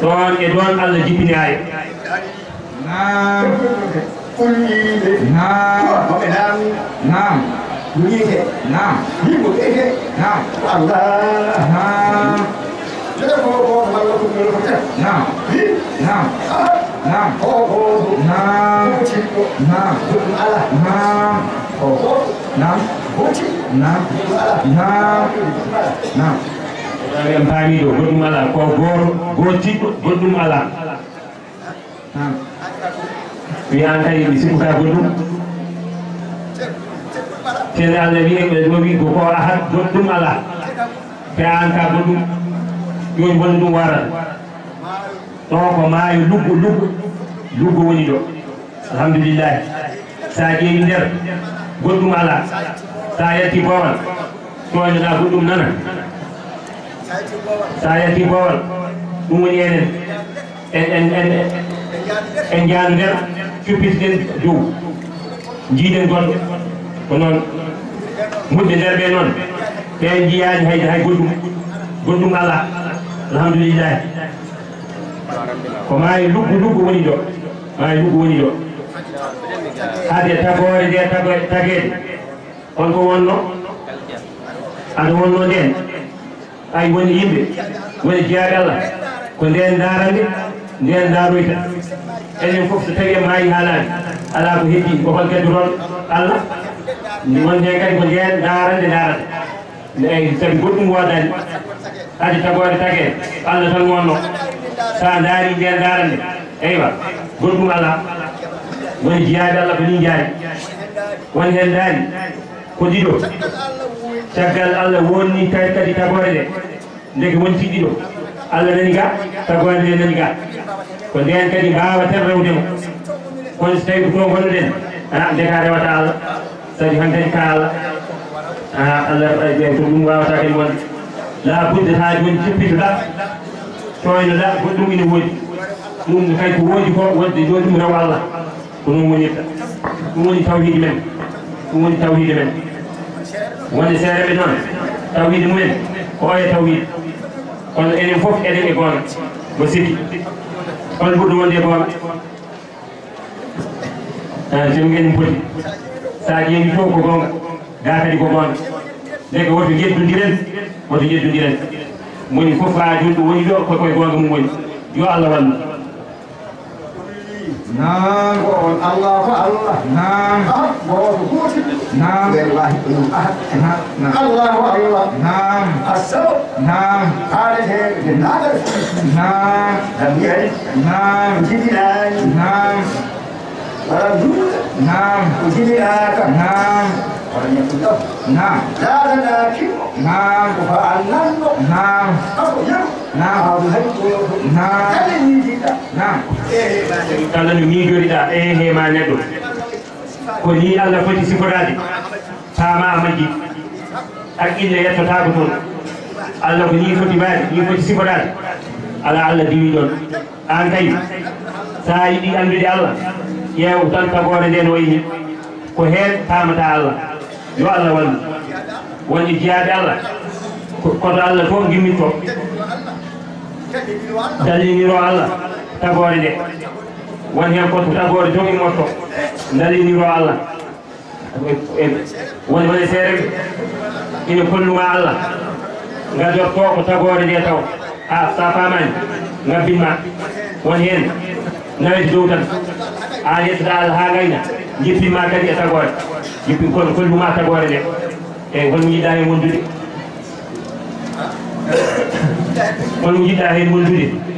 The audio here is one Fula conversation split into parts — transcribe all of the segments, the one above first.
ɗon e ɗon jibini aya nam kulliɗe nam moɓe nam nam wiite nam yimɓe wiite nam allah nam ɗe ko ko malla ko ko tan nam nam nam o o nam nam ala nam o nam nam nam nam nam kalian tani do godum ala lah. ko gor goti godum ala bi anta yi sim ka godum kene ala bi e do bi go ko ahad godum ala lah. bi anta godum yo won dum wara to ko mayu lugu lugu lugu woni do alhamdulillah sa geyi der godum ala ta yati bawal ko ni da godum nana sa yati boowal ɗum woni enen en jaadu nder cuppitiɗen dow jiiɗen golɗe ko noon muɗɓe nder ɓe noon ɓe jiyaani hay hay goɗɗum goɗɗum ala alhamdulillahi ko maayi luggu luggu woni ɗo maayi luggu woni ɗo haade tagoore nde tageede on ko wonno aɗa wonno ndeen ay woni yimɓe woni jeyaɗalla ko nden darande nden daroyta enen fof so tawi en mbawi haalade ala ko heddi kokon kadi toon allah wonde kadi ko nden darande darata eyi sabi goɗɗum wodani ade tagore tage allah tan wonno sa daari nden darande eywa goɗɗum ala woni jeyaɓe allah ko ni jaari woni hen daari ko ɗiɗo شغال على وني كاي كدي تقولي لك من تجيبه على نيجا تقولي نيجا كذي أنا كدي باب أثر رودي كذي شيء بقوله كذي ها دكاري وتعال سري هندي كال ها الله يبين تقوم باب أثر كمان لا بد هذا من تجيبه لا شوين لا بد من وين من كاي كوي جوا وين جوا من رواه الله كنون من يت كنون توهيد من كنون wonde seere ɓe noon tawhide mumen o e tawhide kono enen fof enen e goonga mo siki kono ɓurɗo wonde e goonga jom en poti so a ƴeewi fof ko goonga ga kadi ko goonga ndeke woto yeddodiren woto yeddodiren moni fof ha joni ɗo woni ɗo koye goonga mum woni yo allah wallu نعم الله الله نعم نعم غير الله نعم الله الله نعم السبب نعم هذه نعم نعم لم يعد نعم جدنا نعم ولم نعم وجدناك نعم ولم يكن له نعم لا لنا كم نعم وفعلنا نعم نعم نعم نعم نعم kala no miijoriɗa e hema neɗɗo ko ni allah foti siforade faama majji haqqille yettotako toon allah ko ni foti waade ni foti siforade ala allah diwi ɗon an kay sa yiɗi andude allah ƴeew tan tagore nden wayni ko heen paamata allah yo allah wallu woni jeyaade allah koto allah fof gimmitto dalliniro allah tagore nde won hen koto tagore jogi motto daliniro allah woni wone seere ina kolluma allah gadotto ko tagore nde taw ha sa famani gabbinma won hen nawete dow tan an yettoɗa allah ha gayna jippinma kadi e tagore jippin kono kolluma tagore nde eyyi holmo yiɗɗa hen wondude holmo jiɗɗa hen wondude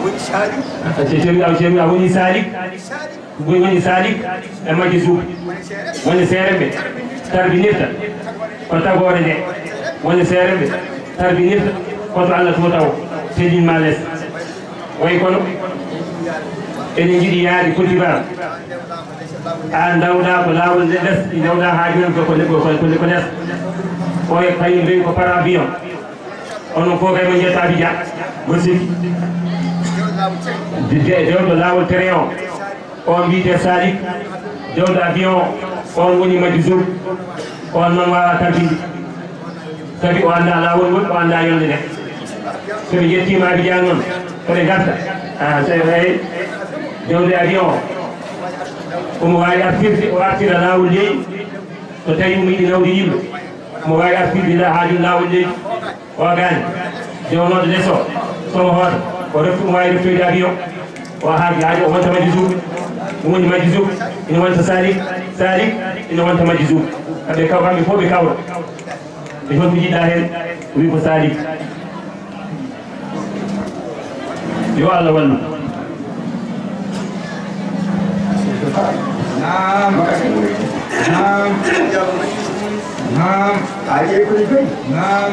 a woni salik woni salik e majje suuba woni seere ɓe tarbinirta ko tagore nde woni seere ɓe tarbinirta koto allah tuutaw seedinma less wayi kono eɗen jiɗi yaade kotibam ha dawɗa ko laawol less ɗi dawɗa ha joni koko ko less o e kañum rewi ko para avion onon fof kay mo jetta abidja gosiki jiddee jewɗo laawol terrain o on mbiyete sadik jewɗo avion on woni majju zour on noon waawa tampinde kadi o annda laawol ngol o annda yolde nde so mi yettima abidia noon koɗe garta ah, ey jewde avion omo waawi artirde o artira laawol leydi so tawi omo yiɗi nawde yimɓe omo waawi artirde haaju laawol leydi o gaani jewnooɗo leso somo hoota ko reftuɗum wawde toyde avion o haaji haaji o wonta majji zoub ɗum woni majji zoub ina wonta salik salik ina wonta majji zoub kamɓe kaw kamɓe fof ɓe kawra ɓe toon ko jiɗɗa hen wi ko salik yo allah wallu nam nam nam ayi ko ni nam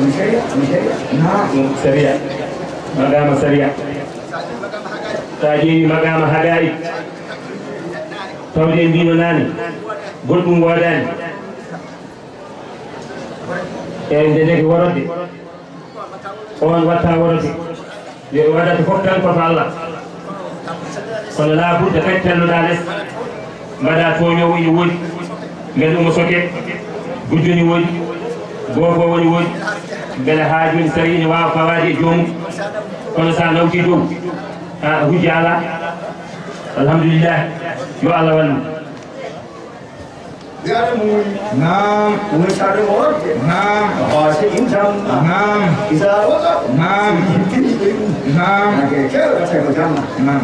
مشي مشي نعم سريع مقام سريع تاجيني مقام هداي توجين دينو ناني قلبهم وداني eyi nde ndeke worode on watta worode yo waɗata fof tan koto allah kono laaburde kadi telloɗa less mbaɗa toñowo ine woodi ngel ɗum o soke gujjoni woodi goofo woni woodi beele ha joni so tawi ene wawa fawade e joomum kono sa nawti dow a huji alhamdulillah yo allah wallu نعم نعم نعم نعم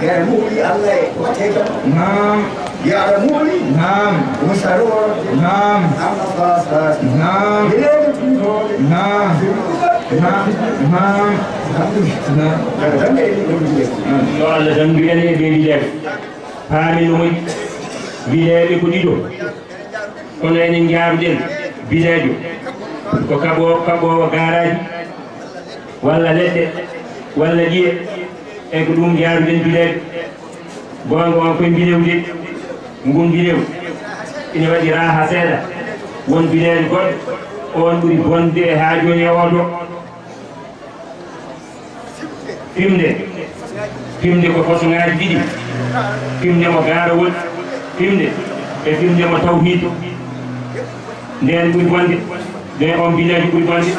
نعم يعلموني نعم وسرور نعم نعم نعم yo allah tan mbiyane ɓe mbiɗen paamino moƴƴi ko ɗiɗo kono ene jaabɗen biɗejo ko kaɓowo kaɓowo garaji walla leɗɗe walla ƴiye e ko ɗum jaaruɗen biɗeɓe gonga on koye mbiɗewde ngun gumbilew ina waɗi raha seeda won bileeje goɗɗe on ɓuri bonde e haa jooni e oɗo fimde pimde ko fosoŋaaji ɗiɗi pimde mo gaarawol pimde e fimde mo tawhido nden ɓuri bonde nden on bileeje ɓuri bonde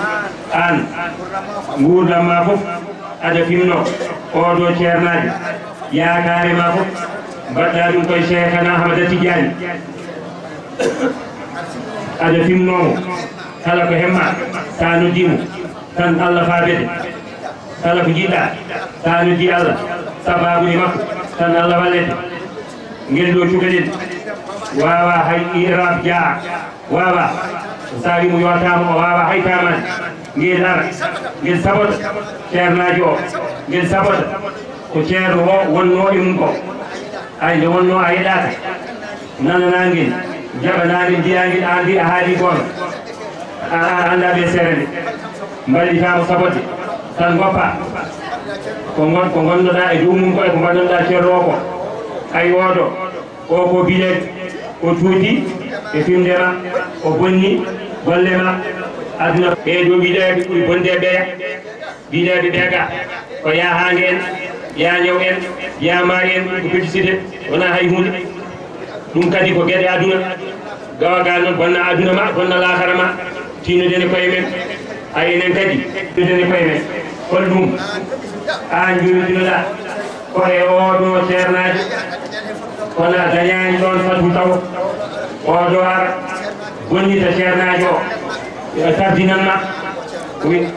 an nguurdam ma fof ada fimno oɗo ceernaaji yaakaare ma fof ba daal di koy Cheikhana Ahmada Tidiane aɗa fimnomo kala ko hemma ta noddimo tan allah faabede kala ko jiɗɗa ta noddi allah sababude makko tan allah wallete ngel ɗo cukaɗen wawa hay irab jaa wawa sa wimo yotama o wawa hay tamani ngel ara ngel sabota ceernaji o ngel sabota ko ceerno o wonno e mum ko ay nde wonno a yiɗata nananaguel jaɓanaguel jiyaguel andi a haali gonga aara anda ɓe serede mballitama sabote tan goppa ko gon ko gonnoɗa e dumum ko e ko gandanoɗa ceerno ko ay oɗo o ko bilede o tuudi e findema o bonni gollema aduna ɓeyɗo wiɗeɓe ɓuuri bonde ɓeya wiɗeɓe ɓeega ko yahangue en ya ñaw en ya maa en ko pélicité wona hay hunde ɗum kadi ko gueɗe aduna gawagal noon bonna aduna ma bonna lahara ma tinoden e koye men a enen kadi tinoden e koye men kon ɗum an jonodinoɗa koye oɗo ceernaji kono a dañani ɗon fatu taw oɗo ara bonnita ceernaji o tardinan ma wi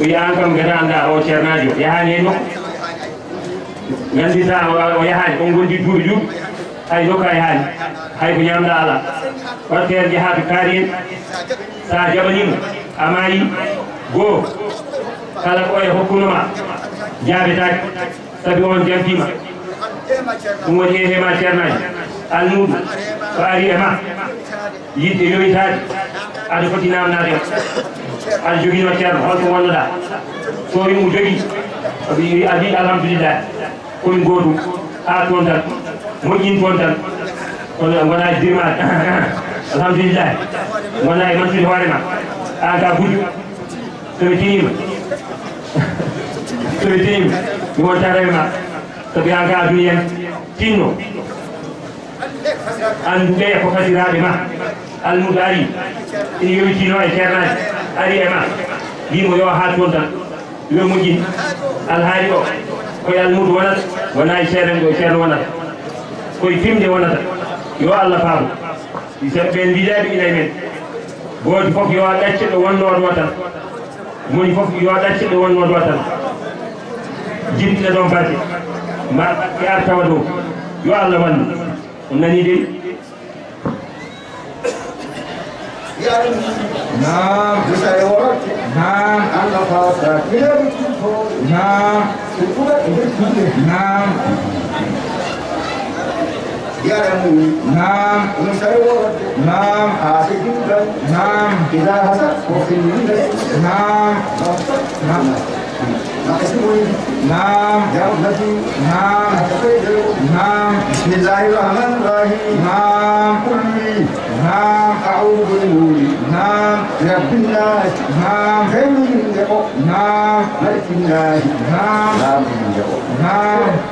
wi an kam gata anda o ceernaji o yahani hen nokku ngandi ta o yahaj ko ngondi burju ay joka yahaj ay ko nyamda ala warter ji habi karin sa jabanim amari go kala ko e hokkunuma jabe tak tabi on jantima ngo je he ma cernaji alnud ari ema yidde yoy tadi ade foti namnade ade jogino cerno holko wonnoda soori mu jogi abi abi alhamdulillah kon gootum a toon tan moƴƴin toon tan kono wona dirma alhamdulillahi wona e mantude hoore ma an ka gudi somi tinima somi tinima mi wonta rewe ma sabi an ka aduni hen tinno an ɓeya ko kasiraɓe ma almudo ari ina yowitino e ceernaji ari e ma mbimo yo ha toon tan yo moƴƴin alhaali o ko yalmude wonata wona e ceerno ngo ceerno wonata koye fimde wonata yo allah faamu ɓe ndiɗaɓe ina men gooti fof yo ɗacce ɗo wonno ɗo tan moni fof yo ɗacce ɗo wonno ɗo tan jimɗiɗa ɗon fati ma ɓe ar tawa dow yo allah wannu on nani dey نعم بسعي ورد نعم أنا فاطرة نعم نعم يعلمون نعم ومسعي ورد نعم حاسد نعم إذا حسد وفي نعم نعم نعم نعم نعم بسم الله الرحمن الرحيم نعم قل نعم أعوذ بالله نعم رب الناس نعم خير من نعم ملك الناس نعم نعم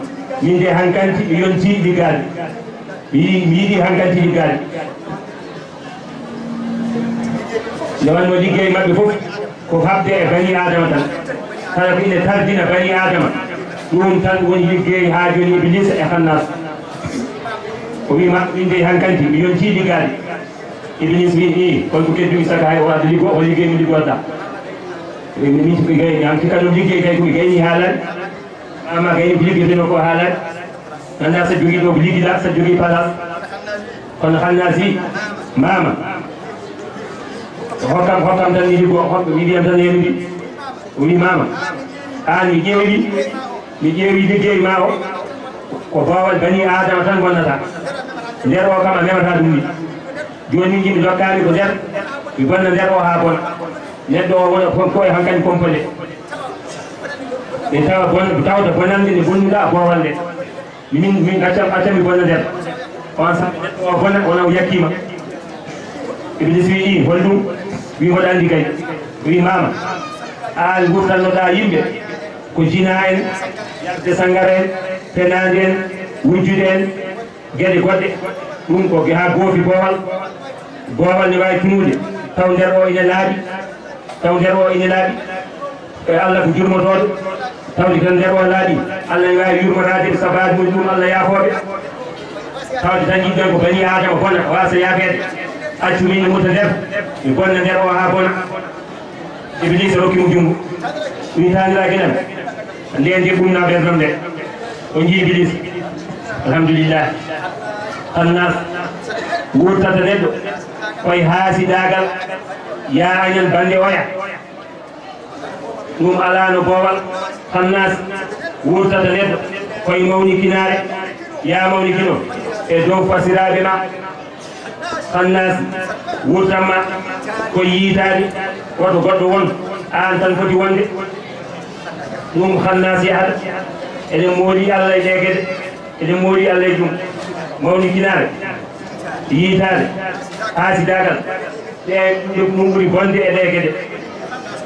Mindi hankan ci yon ci digal Mi mi di hankan ci digal Jaman mo digge ma bi fuf ko fabde e bani adama tan Kala ko ina tardina bani adama Dum tan won digge ha jon iblis e eh, khannas Ko mi ma mindi hankan ci yon ci digal Iblis mi ni ko ko ke dum saka ay wa digo o digge mi digo da Ini mesti kita yang kita lakukan kita ini halal ama gaye bi gëdë ñoko halat dana sa jogi ko bi gi la sa jogi pala kon xalna si mama hokam hokam dal ni di go hok ni di am dal yeen bi uni mama ani jeewi ni jeewi di jeewi ma o ko bawal bani adam tan wonna ta ler o kam amewa ta dum ni joni ngi lokkari ko ler bi banna ler o ha bon neddo wona ko koy hankani kompole mi tawa bon tawda bonande nde bonnuɗa bowalnde min min accam accami bonna nder on sa o bona ona o yakkima ibnis wi ɗi holɗum wi hoɗandi kay wi mama an wurtannoɗa yimɓe ko jina en yarde sangara en penandi en wujjude en gueɗe goɗɗe ɗum ko ha goofi bowal bowal ne wawi tinude taw nder o ine laaɓi taw nder o ine laaɓi e allah ko jurmotoɗo tawde tan nder o laaɓi allah ne wawi yurmotade sabaji mum ɗum allah yaafoɓe tawde tan yimɓe ko bani adama bona wasa yaafede accu min muta nder mi bonna nder o ha bona iblise rokkimo jumgo mi taniraki nan nde nde ɓumna ɓerdam nde o ji iblise alhamdulillah annas wurtata neɗɗo koye haasidagal yarañan bande oya ɗum alano boowal tannas wurtata neɗɗo koye mawnikinare ya mawnikino e dow fasiraɓe ma tannas wurtanma ko yiitade woto goɗɗo won an tan foti wonde ɗum hannas yahata eɗen moori allah e ɗegede eɗen moori allah e jum mawnikinare yiitade haasidagal ɗe ɗum ɓuuri bonde e ɗegede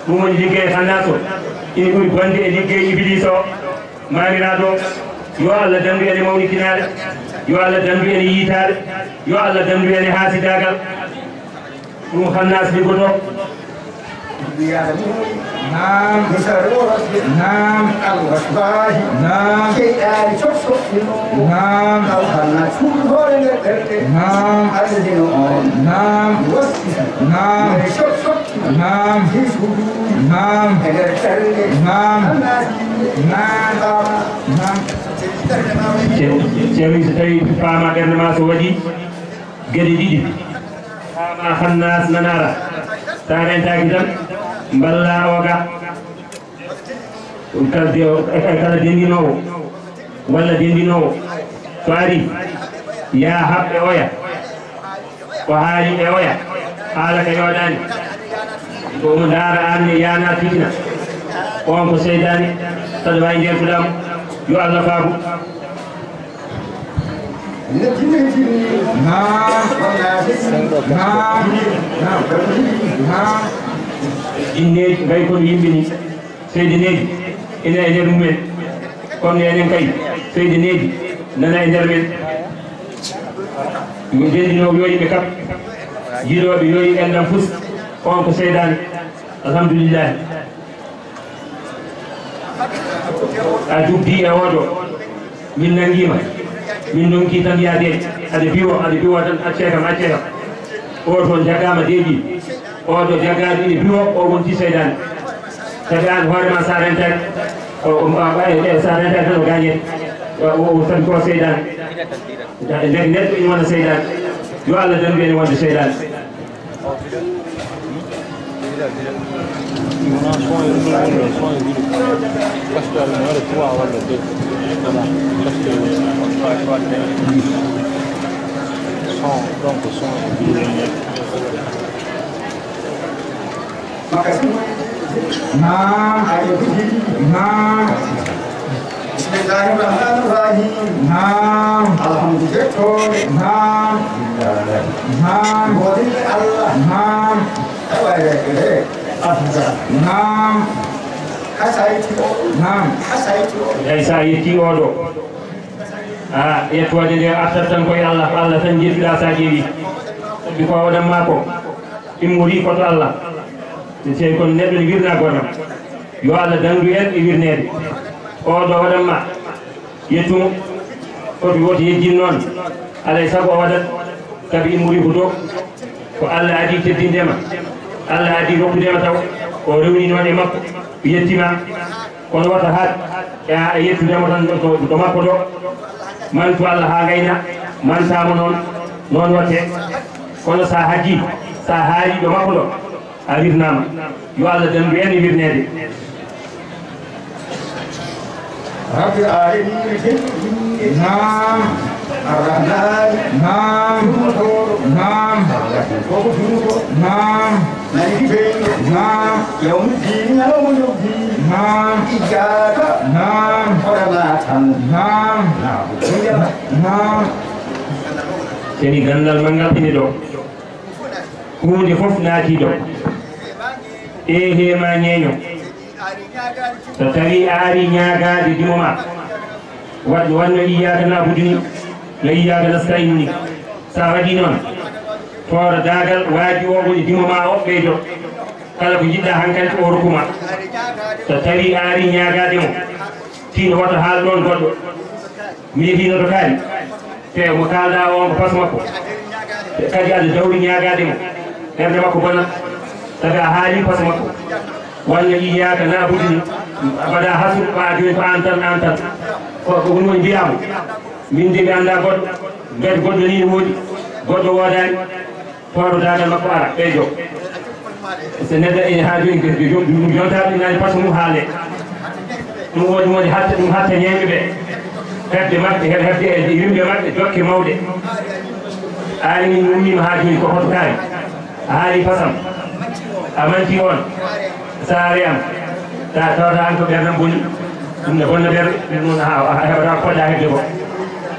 mumon liggey hannaa so ina ɓuri bonde e liggey ibilise o maamiraa ɗo yo allah dandu ene mawnikinaade yo allah dandu ene yiitaade yo allah dandu ene haasidaagal ɗum hannas liggoto نعم نعم الغصباه نعم شيئان شوف شوف نعم الخنا شوف هول نعم الدين نعم نعم نعم شوف شوف ናም ናም ናም ናም Jawin sedai pertama karena masuk wadi gede didi. Sama khanas menara. Tangan tak kita balla waga. Kalau dia kalau dia dino, wala dia dino. Fari, ya hab eoya, wahari eoya. Ala kayodan. Pemudara Anjana Fitna Puan Pusaitan Tadwai Dia Kudam Yuk Allah Fahu Ini baik pun ini ini Saya jenis Ini ada rumah Kau ni ada yang kain Saya jenis Nana ada rumah Mungkin ini Yoi Jiro Yoi Yoi Yoi Yoi Yoi wonko seydani alhamdulillah a jubbi e oɗo min nanguima min donki tan yaade aɗa biwo aɗa biwo tan accee kam accee kam oto jagama deeƴi oɗo jaggaɗo ine biwo o wonti seydani sabi an hoorema sa rentani sa rentani tan o gañen tan ko seydani neɗɗo ina wona seydani yo allah dandu en wonde seydani Minä soin kyllä, soin kyllä. Tästä oli meidän tuolla ollut. Tämä, tästä oli. Soin, tonto soin. Naam, naam. Bismillahirrahmanirrahim. Naam. Alhamdulillah. Naam. Naam. Wali Allah. Naam. Nam Asa iti odo Nam Asa eh, iti odo Asa ha, iti ya, odo Ah, yetu wajah dia atas koi ya Allah Allah sanjir di asa kiri Bikwa wadam mako Imuri kota Allah Saya ikon netu ni birna kona Yo Allah dangdu yet i birna yet Odo wadam mak Yetu Kodi wadi yetjin non Alay sabwa wadat Tapi imuri hudok Ko Allah adik tetin dia mak allah addi rokkudema taw ko rewni noon e makko yettima kono wata haat a yettudema tan to makko to mantu allah ha gayna mantama noon noon watte kono sa haggi sa haali ɗo makko ɗo a رب العالمين نعم الرحمن نعم نعم نعم seni ha. ha. ha. gandal mangal ini dok kuji khuf naji dok ehe eh, manyenyo tetari ari nyaga di jumma wad wad na iya kena budi na iya kena sekain ni sahaji hoore daagal waaji o woni jimoma o ɓeydo kala ko jiɗɗa hankkadi to orkuma so tawi aari ñaagade mo tino woto haal ɗon goɗɗo miyetino to kaari te mo kalda onko pas makko te kadi aɗa dawri ñaagade mo ɓerde makko bona saga haali pas makko wonno yiyaka naabudi ni mbaɗa hasur ɓa joni ko an tan an tan koko woni woni mbiyama min de mi anda goɗɗo mbede goɗɗo ni ne woodi goɗɗo woodani kooro daade makko ara ɓeydo so neɗɗo ene haaju en kesdi ɗum jontaɗe ɗinaji par ce que mum haale ɗum woni woni hatta ɗum hatta ñeeɓe ɓe heɓde maɓɓe heɓe heɓde e yimɓe maɓɓe jokke mawɗe aani min ummima haa jooni ko hoto kaari a haali fasam a manti on saare am ta tawata an ko ɓernan boni ɗum ne bonna ɓerɗe ɗum noon heɓata ko poɗɗa heɓde ko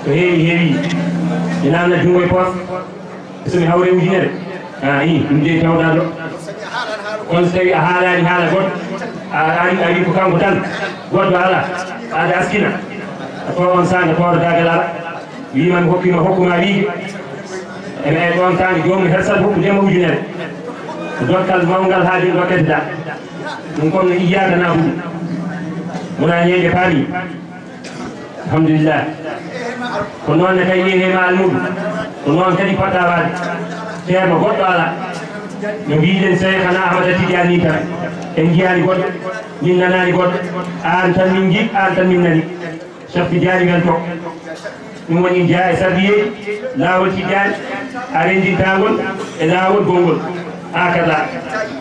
so heewi heewi ina amna junngo e poos اسمي هوري وجير آه، اي نجي تاو دالو كون سي حالا ني حالا غوت اي آه، آه، اي بوكان غوتان غوت والا ادي اسكينا فور وان سان فور داغلا وي مان هوكي ما هوكو ما بي انا اي كون كان يوم هرسل بوك جيم وجير غوت كال مانغال هادي غوكيت دا نكون ايار نا بو مونا ني جي فاني الحمد لله كنا نتيجه مع المدن ko noon kadi poɗɗa waade ceerno goɗɗo ala no mbiɗen seykhana ahmada tidiani tan en jiyani goɗɗo min nanani goɗɗo an tan min jii an tan min nani softi jaani ngal to ɗum woni jeya e sarbiyeji laawol tidiani a rendintagol e laawol gongol ha kada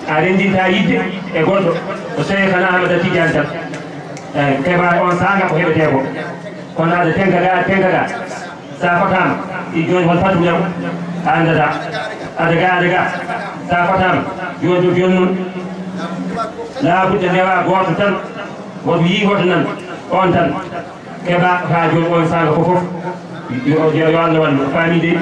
a rendinta yidde e goɗɗo ko seykhana ahmada tidiani tan keɓa on sanga ko heɓete ko kono aɗa tenkaɗa tenkaɗa sa fotama joni hol fatu jam an dada a daga a daga sa fatam joni joni noon laabudde rewa goto tan woto yii hoto nan on tan keɓa fa joni on saaga ko foof yo allah wanno faami de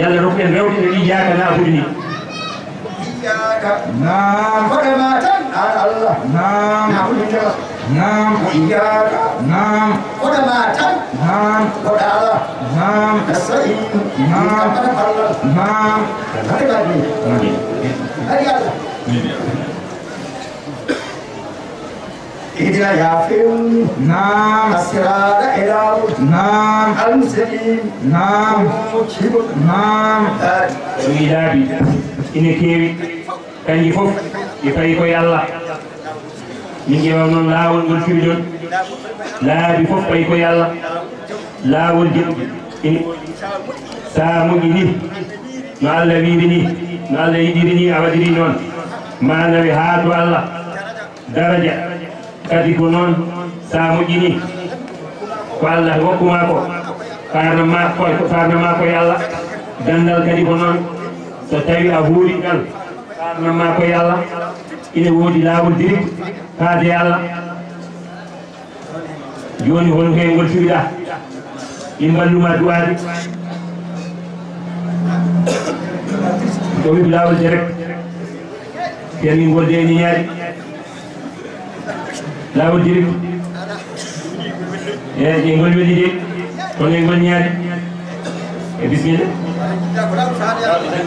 yalla rokku en rewde no iyaka naabude ni iyaka nam hoɗema tan an allah nam naabude kela نعم وإياك نعم خدماتا نعم ودارا نعم نستعين نعم نعم اهدنا يا فيم نعم الصراط الهي نعم المستقيم نعم نعم سيدي إنك كيف كان يفوق يفايق يا الله mi ngi wax noonu laawol ngol fiwi noon laabi fof ɓay ko yalla laawol jëm ini saa moƴƴi ni no allah wiiri ni no allah yiɗiri ni a waɗiri noon manawi haa to allah daraja kadi ko noon saa moƴƴi ni ko allah wokkuma ko farno ma farno ma koye allah dandal kadi ko noon so tawi a huuri ngal farno ma koye allah ina wodi lawol dirig faade allah joni hono hen gol fiwiɗa i balluma duwade ko wiɓe lawol direct ken ni gol deñiñaade lawol dirig e e gol weli de kono e gol ñaade e bisimilla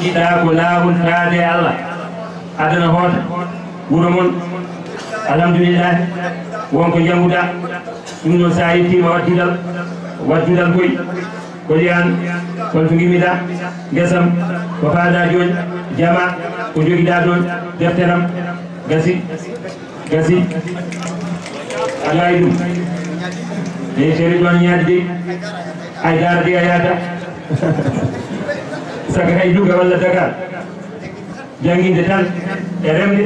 jiɗa ko lawol faade allah adana hoota wuro mon alhamdulillahi wonko jawguɗa ɗum noon sa yettima waddudal waddudal koye ko jeyan holto gimiɗa guesam ko faada joni jama ko joguiɗa ɗon defteram gasi gasi alayi ɗum e seri ɗon ñaadi de haydara de a yaada saka hay duga walla dakar jangguinde tan e remde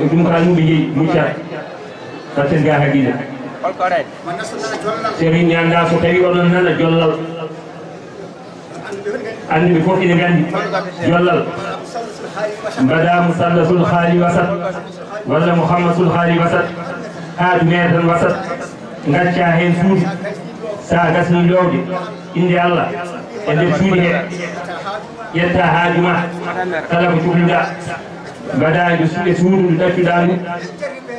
ఇంటి ప్రాణం బిగి ముచా తసిన్ గా హగిన సరిన్ యాంగా సుఖై వరన్న జల్లల్ అన్ని విఫోకి నిగాని జల్లల్ బదా ముసల్లసుల్ ఖాలి వసత్ వల్ల ముహమ్మదుల్ ఖాలి వసత్ ఆ దునియాతన్ వసత్ గచ్చా హేన్ సూర్ సా గస్ను లోగి ఇంది అల్లా ఎందు సూర్ హే యత్తా హాజుమా తలకు తుగుడా gadaay du sile suudu du tafidaani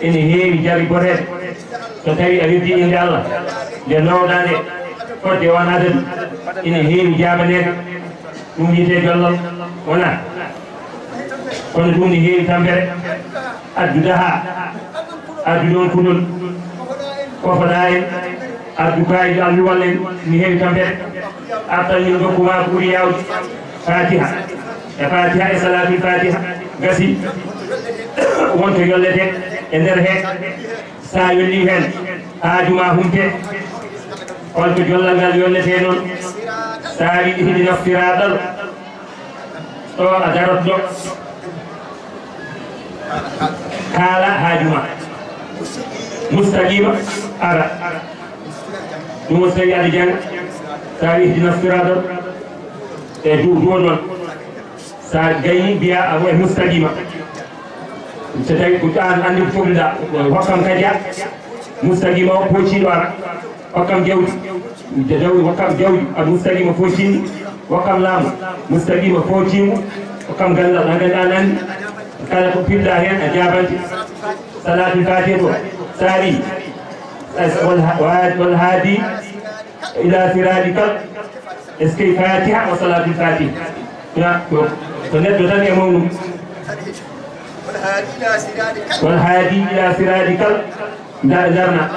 ene heewi jari boreede so tawi a weddi innde allah nde nowdaande fodde wonade du ene heewi jaabaneede ɗum yiite gollol wona kono ɗum ne heewi tambere addude haa addu ɗoon kudol kofoɗaa en addu kaayde alluwal en ne heewi tambere artan min gokkuma kuuri yaawde fatiha e fatiha e salatul fatiha Gassi, one trigger let e der he sa yoni hen leave hand, Ajuma Hunte, all to Jolla Galio let it on, Sai hidden of Tiradal, so Adarot Docs, Kala Hajuma, mustajiba Ara, Mustaqi Alijan, Sai hidden of Tiradal, they e du on. sa gayi mbiya a e mustaqima so tawi ko an andi ko cohluɗa hokkam kadi a mustaqima o poociɗo ara hokkam jawdi de dawri hokkam jawdi ad mustaqima poocini hokkam laamu mustaqima poocimo hokkam gallal ha gandi an andi kala ko pirɗa hen a jabante salatul fatih o saari wal haadi ila siradikal est ce que fatiha wa salatul fatih ya سنة ثانية مون والهادي إلى سرادك جارنا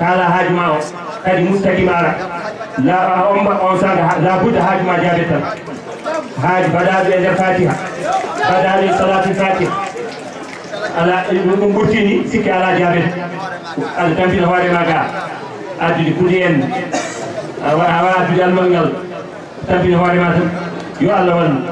قال هاج ما هذه مستقيم على لا أم أنسان لا بد هاج ما جابتا هاج بدأ بالفاتحة بدأ بالصلاة الفاتحة ala ɗum ɓurtini sikki ala jaaben aɗa tampina hoore ma ga addude kuuɗi en a wawa addude almal ngal tampina hoore ma tan yo allah wallu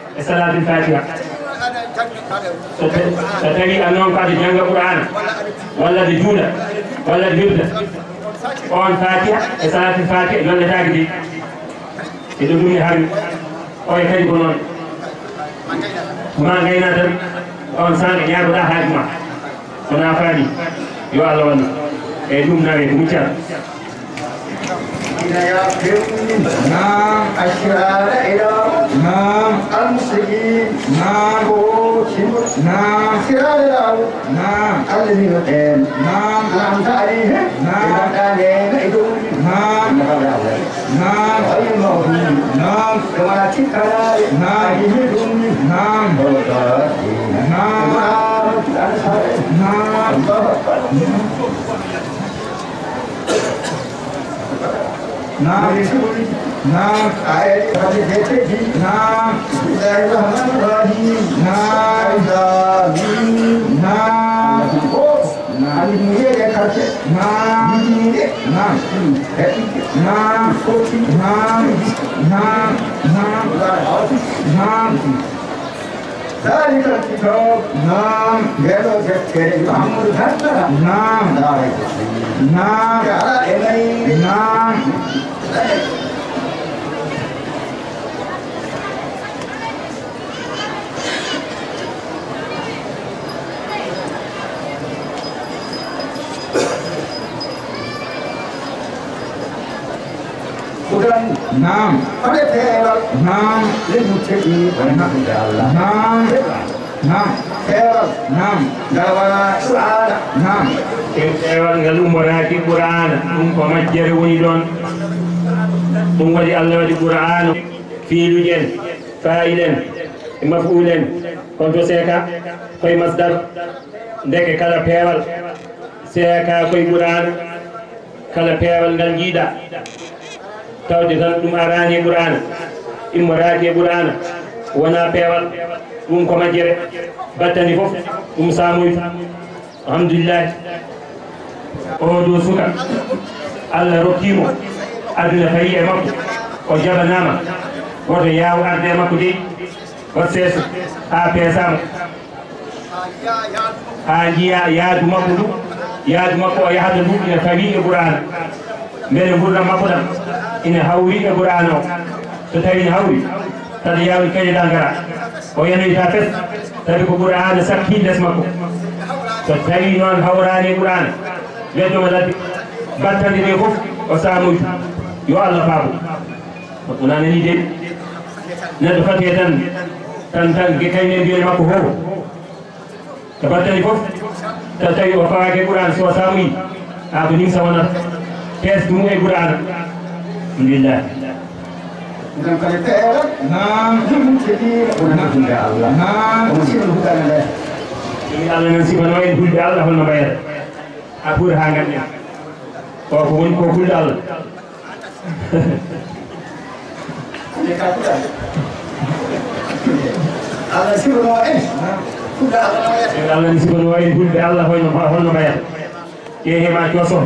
صلاة الفاتحة ستجد أنهم قد جنجوا القرآن ولا دجولة ولا دجولة on fatiha e salati fatiha nonnetaki ɗi eɗo ɗumi hami oye kadi ko noon ma gayna tan on sanka ñagoɗa haaju ma wona faani yo allah wanna eyyi ɗum nawe ko muccara نعم أشعر إلى نعم أمسكي نعم قوتي نعم سيار الأرض نعم الذي يقيم نعم نعم تعريه نعم تعليم إدوم نعم نعم غير مغضوب نعم ولكن كلام نعم يهدوني نعم نعم نعم نعم ना ना आए देते भी ना ना ना ना मुझे देखा से ना ना ना ना ना ना ذلك الكتاب نعم قالوا كريم محمد هذا نعم ذلك نعم قال إليه نعم Naam. Ametenda. Naam. Hebu cheki wanakwenda Allah. Naam. Naam. Tera. Naam. Dawana Qur'ana. Naam. Tera ngalum waraki Qur'ana. Dum ko majjere woni don. Dum wadi Allah wadi Qur'ana. Fiilujen. Fa'ilen. Maf'ulen. Kon to seka koy masdar ndeke kala peewal seeka koy Qur'ana kala peewal ngal jiida تاوديتان دوم اراني قران امراجي قران وانا بيوال دوم كما جيري باتاني فوف دوم ساموي الحمد لله او دو سوكا الله ركيمو ادنا فاي امكو او جابا ناما ورد ياو ارد امكو دي ورسيس اا بيسام اا جيا يادو مكو دو يادو مكو ايهاد البوكنا فاي امكو میرے مرنا مطلع انہیں ہوئی کے قرآنوں تو تھے انہیں ہوئی تدیاوی کے لئے دانگرہ کوئی انہیں اتاتت تبی کو قرآن سکھین دس مکو تو تھے انہیں ہورانی قرآن میں جو مدد بطن دیدے خوف اور ساموش یو اللہ فابو انہیں نہیں دید ندخل تیتن تن تن گتھائی میں بیر مکو ہو تبطن دیدے خوف تتھے وفاہ کے قرآن سوا tes tu e gurar alhamdulillah dan kali te nah jadi orang juga Allah nah masih bukan ada ini Allah nasi banwain hul dal dah mana bayar aku rahangannya kau pun kau hul dal Allah nasi banwain hul dal Allah nasi banwain hul dal dah mana bayar ke hemat kosong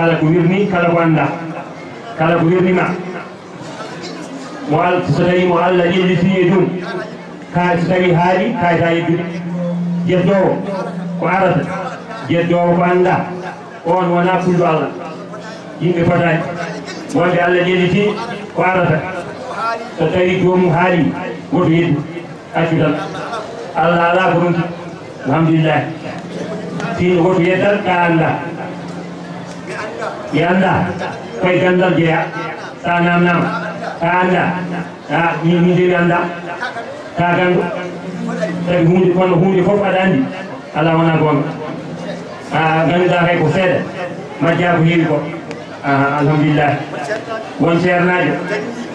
kala ko wirni kala ko annda kala ko wirnima mo al so tawi mo fi ƴellitini ka ɗum hari ka tawi bi kayta ko arata jeddowo ko annda on wona kulɗo allah yimɓe potani wonde allah fi ko arata so tawi jomum hari ko yeddu accutan allah ala ko alhamdulillah alhamdulillahi tino woto yeddal ka annda yanda koy gandal jeeya ta nam nam ta anda a min dewi anda ta gandu tawi hunde kono hunde fof aɗa andi ala wona gonga a ah, ganduɗa kay ko seeɗa majja ko heewi ko ah, alhamdulillahi won ceernajo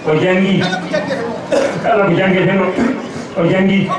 o jangi kala ko janggeteno o janggi